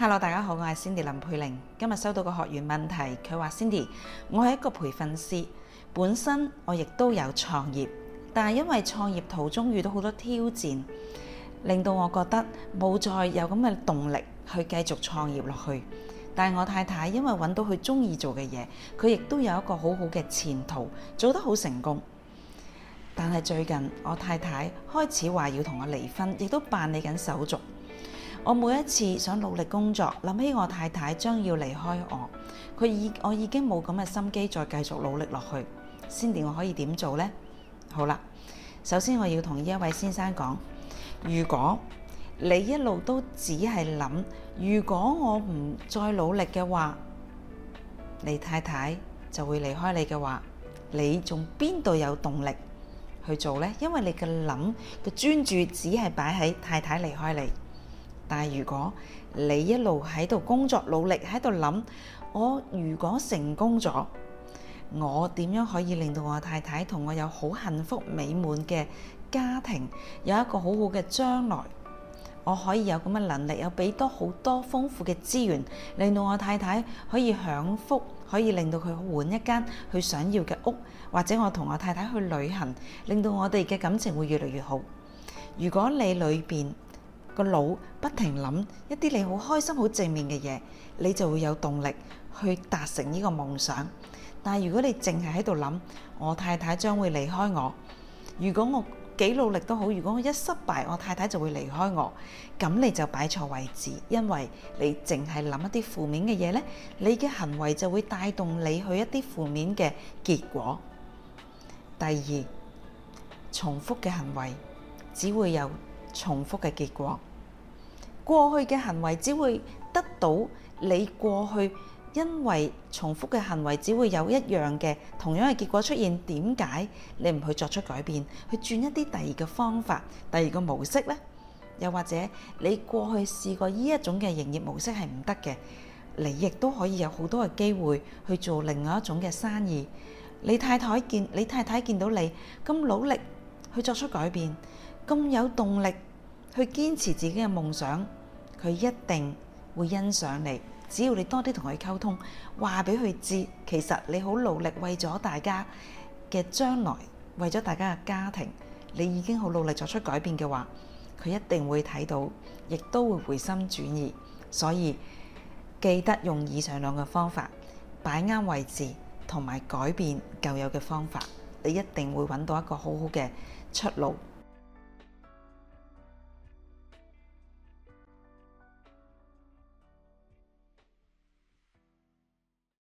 Hello，大家好，我係 Cindy 林佩玲。今日收到個學員問題，佢話 Cindy，我係一個培訓師，本身我亦都有創業，但係因為創業途中遇到好多挑戰，令到我覺得冇再有咁嘅動力去繼續創業落去。但係我太太因為揾到佢中意做嘅嘢，佢亦都有一個好好嘅前途，做得好成功。但係最近我太太開始話要同我離婚，亦都辦理緊手續。我每一次想努力工作，諗起我太太將要離開我，佢已我已經冇咁嘅心機再繼續努力落去，先點我可以點做呢？好啦，首先我要同呢一位先生講：如果你一路都只係諗，如果我唔再努力嘅話，你太太就會離開你嘅話，你仲邊度有動力去做呢？因為你嘅諗嘅專注只係擺喺太太離開你。但係如果你一路喺度工作努力喺度諗，我如果成功咗，我點樣可以令到我太太同我有好幸福美滿嘅家庭，有一個好好嘅將來，我可以有咁嘅能力，有俾多好多豐富嘅資源，令到我太太可以享福，可以令到佢換一間佢想要嘅屋，或者我同我太太去旅行，令到我哋嘅感情會越嚟越好。如果你裏邊，個腦不停諗一啲你好開心，好正面嘅嘢，你就會有動力去達成呢個夢想。但係如果你淨係喺度諗，我太太將會離開我。如果我幾努力都好，如果我一失敗，我太太就會離開我。咁你就擺錯位置，因為你淨係諗一啲負面嘅嘢呢，你嘅行為就會帶動你去一啲負面嘅結果。第二，重複嘅行為只會有。重複嘅結果，過去嘅行為只會得到你過去，因為重複嘅行為只會有一樣嘅同樣嘅結果出現。點解你唔去作出改變，去轉一啲第二個方法，第二個模式呢？又或者你過去試過呢一種嘅營業模式係唔得嘅，你亦都可以有好多嘅機會去做另外一種嘅生意。你太太見你太太見到你咁努力去作出改變，咁有動力去堅持自己嘅夢想，佢一定會欣賞你。只要你多啲同佢溝通，話俾佢知，其實你好努力為咗大家嘅將來，為咗大家嘅家庭，你已經好努力作出改變嘅話，佢一定會睇到，亦都會回心轉意。所以記得用以上兩個方法，擺啱位置，同埋改變舊有嘅方法，你一定會揾到一個好好嘅出路。